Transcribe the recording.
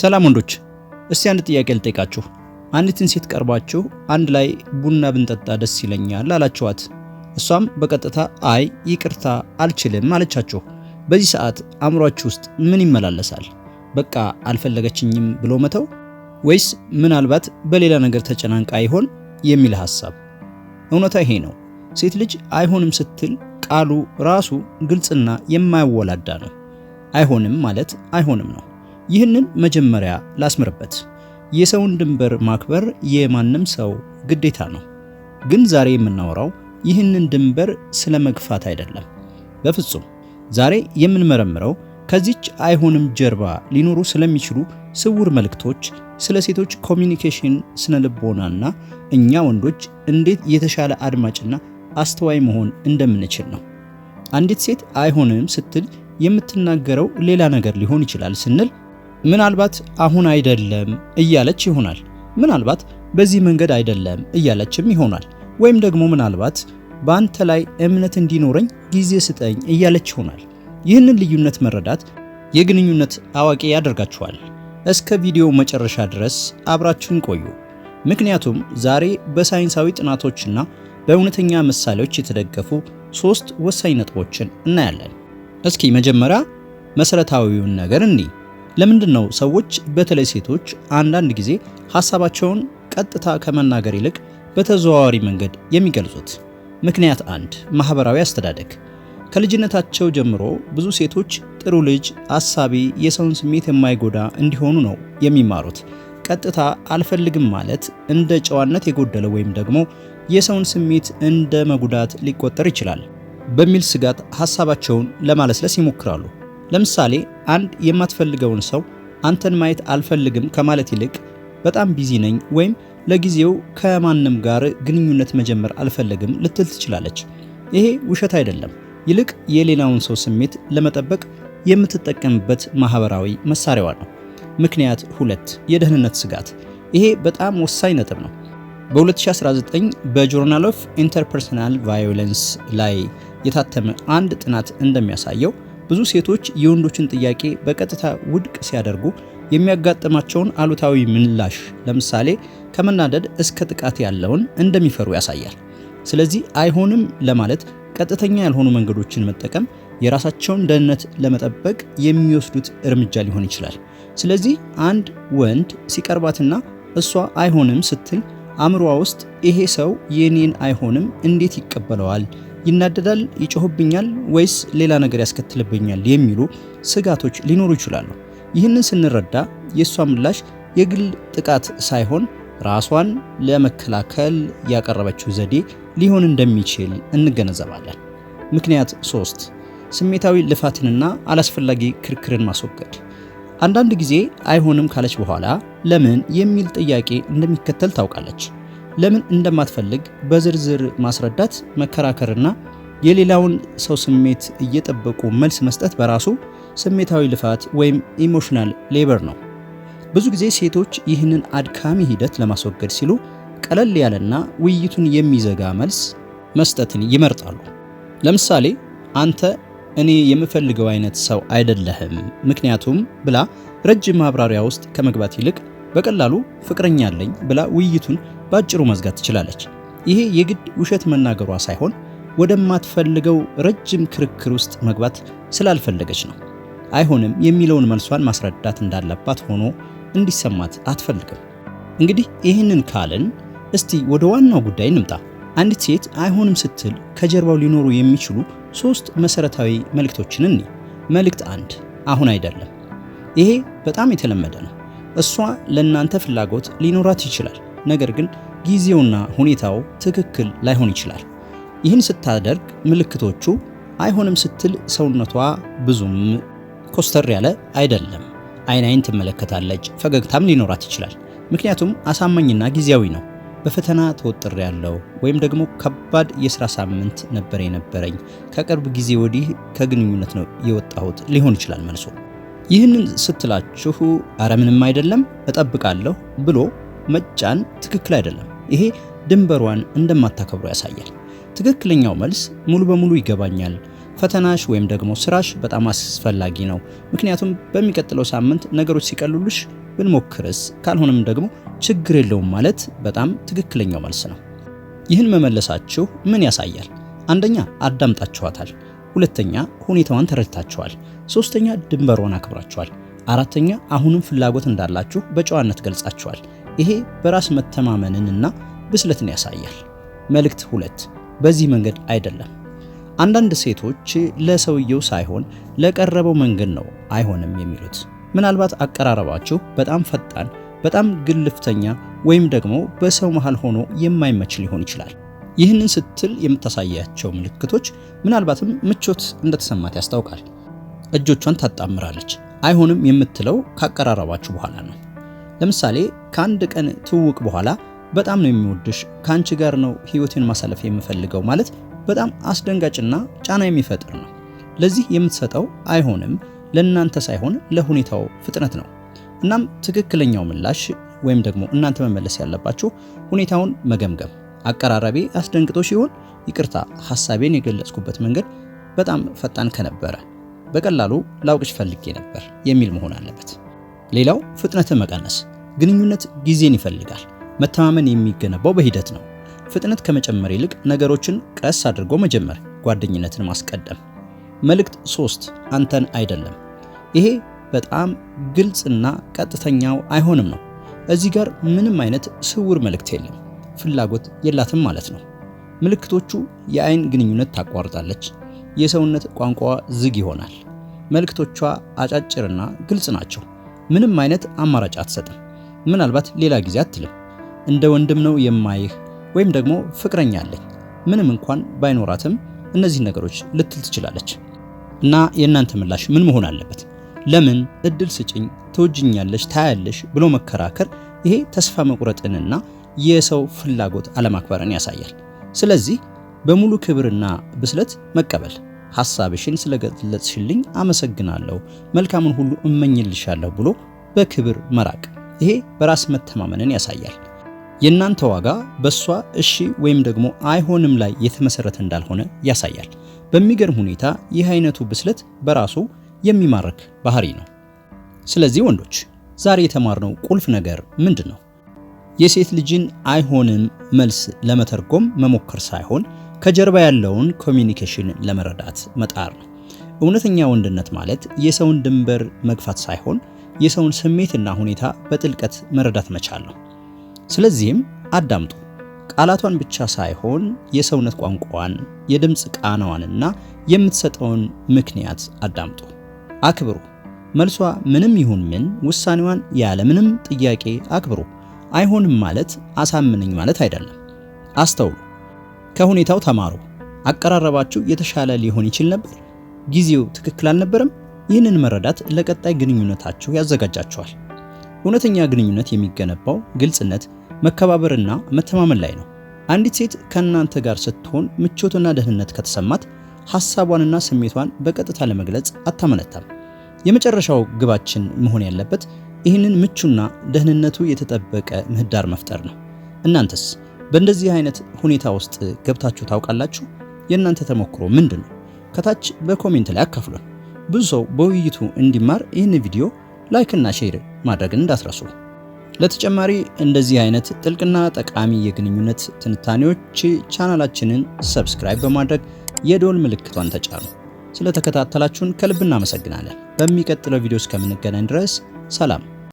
ሰላም ወንዶች፣ እስቲ አንድ ጥያቄ ልጠይቃችሁ። አንዲትን ሴት ቀርባችሁ አንድ ላይ ቡና ብንጠጣ ደስ ይለኛል አላችኋት። እሷም በቀጥታ አይ ይቅርታ አልችልም አለቻችሁ። በዚህ ሰዓት አእምሯችሁ ውስጥ ምን ይመላለሳል? በቃ አልፈለገችኝም ብሎ መተው ወይስ ምናልባት በሌላ ነገር ተጨናንቃ ይሆን የሚል ሐሳብ? እውነታ ይሄ ነው። ሴት ልጅ አይሆንም ስትል ቃሉ ራሱ ግልጽና የማይወላዳ ነው። አይሆንም ማለት አይሆንም ነው። ይህንን መጀመሪያ ላስምርበት። የሰውን ድንበር ማክበር የማንም ሰው ግዴታ ነው። ግን ዛሬ የምናወራው ይህንን ድንበር ስለ መግፋት አይደለም፣ በፍጹም። ዛሬ የምንመረምረው ከዚች አይሆንም ጀርባ ሊኖሩ ስለሚችሉ ስውር መልእክቶች፣ ስለ ሴቶች ኮሚኒኬሽን ስነ ልቦናና እኛ ወንዶች እንዴት የተሻለ አድማጭና አስተዋይ መሆን እንደምንችል ነው። አንዲት ሴት አይሆንም ስትል የምትናገረው ሌላ ነገር ሊሆን ይችላል ስንል ምናልባት አሁን አይደለም እያለች ይሆናል። ምናልባት በዚህ መንገድ አይደለም እያለችም ይሆናል። ወይም ደግሞ ምናልባት በአንተ ላይ እምነት እንዲኖረኝ ጊዜ ስጠኝ እያለች ይሆናል። ይህንን ልዩነት መረዳት የግንኙነት አዋቂ ያደርጋችኋል። እስከ ቪዲዮ መጨረሻ ድረስ አብራችሁን ቆዩ። ምክንያቱም ዛሬ በሳይንሳዊ ጥናቶችና በእውነተኛ ምሳሌዎች የተደገፉ ሶስት ወሳኝ ነጥቦችን እናያለን። እስኪ መጀመሪያ መሰረታዊውን ነገር እንዲህ ለምንድን ነው ሰዎች በተለይ ሴቶች አንዳንድ ጊዜ ሀሳባቸውን ቀጥታ ከመናገር ይልቅ በተዘዋዋሪ መንገድ የሚገልጹት? ምክንያት አንድ ማህበራዊ አስተዳደግ። ከልጅነታቸው ጀምሮ ብዙ ሴቶች ጥሩ ልጅ፣ አሳቢ፣ የሰውን ስሜት የማይጎዳ እንዲሆኑ ነው የሚማሩት። ቀጥታ አልፈልግም ማለት እንደ ጨዋነት የጎደለ ወይም ደግሞ የሰውን ስሜት እንደ መጉዳት ሊቆጠር ይችላል በሚል ስጋት ሀሳባቸውን ለማለስለስ ይሞክራሉ። ለምሳሌ አንድ የማትፈልገውን ሰው አንተን ማየት አልፈልግም ከማለት ይልቅ በጣም ቢዚ ነኝ ወይም ለጊዜው ከማንም ጋር ግንኙነት መጀመር አልፈልግም ልትል ትችላለች። ይሄ ውሸት አይደለም፣ ይልቅ የሌላውን ሰው ስሜት ለመጠበቅ የምትጠቀምበት ማህበራዊ መሳሪያዋ ነው። ምክንያት ሁለት የደህንነት ስጋት። ይሄ በጣም ወሳኝ ነጥብ ነው። በ2019 በጆርናል ኦፍ ኢንተርፐርሰናል ቫዮለንስ ላይ የታተመ አንድ ጥናት እንደሚያሳየው ብዙ ሴቶች የወንዶችን ጥያቄ በቀጥታ ውድቅ ሲያደርጉ የሚያጋጥማቸውን አሉታዊ ምላሽ ለምሳሌ ከመናደድ እስከ ጥቃት ያለውን እንደሚፈሩ ያሳያል። ስለዚህ አይሆንም ለማለት ቀጥተኛ ያልሆኑ መንገዶችን መጠቀም የራሳቸውን ደህንነት ለመጠበቅ የሚወስዱት እርምጃ ሊሆን ይችላል። ስለዚህ አንድ ወንድ ሲቀርባትና እሷ አይሆንም ስትል አእምሯ ውስጥ ይሄ ሰው የኔን አይሆንም እንዴት ይቀበለዋል ይናደዳል፣ ይጮህብኛል ወይስ ሌላ ነገር ያስከትልብኛል የሚሉ ስጋቶች ሊኖሩ ይችላሉ። ይህንን ስንረዳ የእሷ ምላሽ የግል ጥቃት ሳይሆን ራሷን ለመከላከል ያቀረበችው ዘዴ ሊሆን እንደሚችል እንገነዘባለን። ምክንያት ሶስት ስሜታዊ ልፋትንና አላስፈላጊ ክርክርን ማስወገድ። አንዳንድ ጊዜ አይሆንም ካለች በኋላ ለምን የሚል ጥያቄ እንደሚከተል ታውቃለች። ለምን እንደማትፈልግ በዝርዝር ማስረዳት መከራከርና የሌላውን ሰው ስሜት እየጠበቁ መልስ መስጠት በራሱ ስሜታዊ ልፋት ወይም ኢሞሽናል ሌበር ነው። ብዙ ጊዜ ሴቶች ይህንን አድካሚ ሂደት ለማስወገድ ሲሉ ቀለል ያለና ውይይቱን የሚዘጋ መልስ መስጠትን ይመርጣሉ። ለምሳሌ አንተ እኔ የምፈልገው አይነት ሰው አይደለህም ምክንያቱም ብላ ረጅም ማብራሪያ ውስጥ ከመግባት ይልቅ በቀላሉ ፍቅረኛ አለኝ ብላ ውይይቱን በአጭሩ መዝጋት ትችላለች። ይሄ የግድ ውሸት መናገሯ ሳይሆን ወደማትፈልገው ረጅም ክርክር ውስጥ መግባት ስላልፈለገች ነው። አይሆንም የሚለውን መልሷን ማስረዳት እንዳለባት ሆኖ እንዲሰማት አትፈልግም። እንግዲህ ይህንን ካልን እስቲ ወደ ዋናው ጉዳይ እንምጣ። አንዲት ሴት አይሆንም ስትል ከጀርባው ሊኖሩ የሚችሉ ሶስት መሰረታዊ መልእክቶችን እንይ። መልእክት አንድ፣ አሁን አይደለም። ይሄ በጣም የተለመደ ነው። እሷ ለእናንተ ፍላጎት ሊኖራት ይችላል ነገር ግን ጊዜውና ሁኔታው ትክክል ላይሆን ይችላል። ይህን ስታደርግ ምልክቶቹ አይሆንም ስትል ሰውነቷ ብዙም ኮስተር ያለ አይደለም። አይን አይን ትመለከታለች፣ ፈገግታም ሊኖራት ይችላል። ምክንያቱም አሳማኝና ጊዜያዊ ነው። በፈተና ተወጥር ያለው ወይም ደግሞ ከባድ የስራ ሳምንት ነበር የነበረኝ፣ ከቅርብ ጊዜ ወዲህ ከግንኙነት ነው የወጣሁት ሊሆን ይችላል መልሶ። ይህንን ስትላችሁ አረ ምንም አይደለም እጠብቃለሁ ብሎ መጫን ትክክል አይደለም። ይሄ ድንበሯን እንደማታከብሩ ያሳያል። ትክክለኛው መልስ ሙሉ በሙሉ ይገባኛል፣ ፈተናሽ ወይም ደግሞ ስራሽ በጣም አስፈላጊ ነው፣ ምክንያቱም በሚቀጥለው ሳምንት ነገሮች ሲቀሉልሽ ብንሞክርስ፣ ካልሆነም ደግሞ ችግር የለውም ማለት በጣም ትክክለኛው መልስ ነው። ይህን መመለሳችሁ ምን ያሳያል? አንደኛ አዳምጣችኋታል፣ ሁለተኛ ሁኔታዋን ተረድታችኋል፣ ሶስተኛ ድንበሯን አክብራችኋል፣ አራተኛ አሁንም ፍላጎት እንዳላችሁ በጨዋነት ገልጻችኋል። ይሄ በራስ መተማመንንና ብስለትን ያሳያል። መልእክት ሁለት በዚህ መንገድ አይደለም። አንዳንድ ሴቶች ለሰውየው ሳይሆን ለቀረበው መንገድ ነው አይሆንም የሚሉት። ምናልባት አቀራረባችሁ በጣም ፈጣን፣ በጣም ግልፍተኛ ወይም ደግሞ በሰው መሃል ሆኖ የማይመች ሊሆን ይችላል። ይህንን ስትል የምታሳያቸው ምልክቶች ምናልባትም ምቾት እንደተሰማት ያስታውቃል። እጆቿን ታጣምራለች። አይሆንም የምትለው ካቀራረባችሁ በኋላ ነው። ለምሳሌ ከአንድ ቀን ትውውቅ በኋላ በጣም ነው የሚወድሽ፣ ከአንቺ ጋር ነው ህይወቴን ማሳለፍ የምፈልገው ማለት በጣም አስደንጋጭና ጫና የሚፈጥር ነው። ለዚህ የምትሰጠው አይሆንም ለእናንተ ሳይሆን ለሁኔታው ፍጥነት ነው። እናም ትክክለኛው ምላሽ ወይም ደግሞ እናንተ መመለስ ያለባችሁ ሁኔታውን መገምገም፣ አቀራረቤ አስደንግጦ ሲሆን ይቅርታ፣ ሀሳቤን የገለጽኩበት መንገድ በጣም ፈጣን ከነበረ በቀላሉ ላውቅሽ ፈልጌ ነበር የሚል መሆን አለበት። ሌላው ፍጥነትን መቀነስ። ግንኙነት ጊዜን ይፈልጋል። መተማመን የሚገነባው በሂደት ነው። ፍጥነት ከመጨመር ይልቅ ነገሮችን ቀስ አድርጎ መጀመር፣ ጓደኝነትን ማስቀደም። መልእክት ሶስት አንተን አይደለም። ይሄ በጣም ግልጽና ቀጥተኛው አይሆንም ነው። እዚህ ጋር ምንም አይነት ስውር መልእክት የለም። ፍላጎት የላትም ማለት ነው። ምልክቶቹ የአይን ግንኙነት ታቋርጣለች። የሰውነት ቋንቋ ዝግ ይሆናል። መልእክቶቿ አጫጭርና ግልጽ ናቸው። ምንም አይነት አማራጭ አትሰጥም። ምናልባት ሌላ ጊዜ አትልም። እንደ ወንድም ነው የማይህ ወይም ደግሞ ፍቅረኛ አለኝ ምንም እንኳን ባይኖራትም እነዚህን ነገሮች ልትል ትችላለች። እና የእናንተ ምላሽ ምን መሆን አለበት? ለምን እድል ስጭኝ፣ ትወጅኛለሽ፣ ታያለሽ ብሎ መከራከር ይሄ ተስፋ መቁረጥንና የሰው ፍላጎት አለማክበርን ያሳያል። ስለዚህ በሙሉ ክብርና ብስለት መቀበል ሐሳብሽን ስለገለጽሽልኝ አመሰግናለሁ፣ መልካምን ሁሉ እመኝልሻለሁ ብሎ በክብር መራቅ፣ ይሄ በራስ መተማመንን ያሳያል። የእናንተ ዋጋ በእሷ እሺ ወይም ደግሞ አይሆንም ላይ የተመሰረተ እንዳልሆነ ያሳያል። በሚገርም ሁኔታ ይህ አይነቱ ብስለት በራሱ የሚማርክ ባህሪ ነው። ስለዚህ ወንዶች ዛሬ የተማርነው ቁልፍ ነገር ምንድን ነው? የሴት ልጅን አይሆንም መልስ ለመተርጎም መሞከር ሳይሆን ከጀርባ ያለውን ኮሚኒኬሽን ለመረዳት መጣር ነው። እውነተኛ ወንድነት ማለት የሰውን ድንበር መግፋት ሳይሆን የሰውን ስሜትና ሁኔታ በጥልቀት መረዳት መቻል ነው። ስለዚህም አዳምጡ። ቃላቷን ብቻ ሳይሆን የሰውነት ቋንቋዋን፣ የድምፅ ቃናዋንና የምትሰጠውን ምክንያት አዳምጡ። አክብሩ። መልሷ ምንም ይሁን ምን ውሳኔዋን ያለ ምንም ጥያቄ አክብሩ። አይሆንም ማለት አሳምነኝ ማለት አይደለም። አስተውሉ። ከሁኔታው ተማሩ። አቀራረባችሁ የተሻለ ሊሆን ይችል ነበር፣ ጊዜው ትክክል አልነበረም። ይህንን መረዳት ለቀጣይ ግንኙነታችሁ ያዘጋጃችኋል። እውነተኛ ግንኙነት የሚገነባው ግልጽነት፣ መከባበርና መተማመን ላይ ነው። አንዲት ሴት ከእናንተ ጋር ስትሆን ምቾትና ደህንነት ከተሰማት ሐሳቧንና ስሜቷን በቀጥታ ለመግለጽ አታመነታም። የመጨረሻው ግባችን መሆን ያለበት ይህንን ምቹና ደህንነቱ የተጠበቀ ምህዳር መፍጠር ነው። እናንተስ በእንደዚህ አይነት ሁኔታ ውስጥ ገብታችሁ ታውቃላችሁ? የእናንተ ተሞክሮ ምንድን ነው? ከታች በኮሜንት ላይ አካፍሉን። ብዙ ሰው በውይይቱ እንዲማር ይህን ቪዲዮ ላይክና ሼር ማድረግን እንዳትረሱ። ለተጨማሪ እንደዚህ አይነት ጥልቅና ጠቃሚ የግንኙነት ትንታኔዎች ቻናላችንን ሰብስክራይብ በማድረግ የዶል ምልክቷን ተጫኑ። ስለተከታተላችሁን ከልብ እናመሰግናለን። በሚቀጥለው ቪዲዮ እስከምንገናኝ ድረስ ሰላም።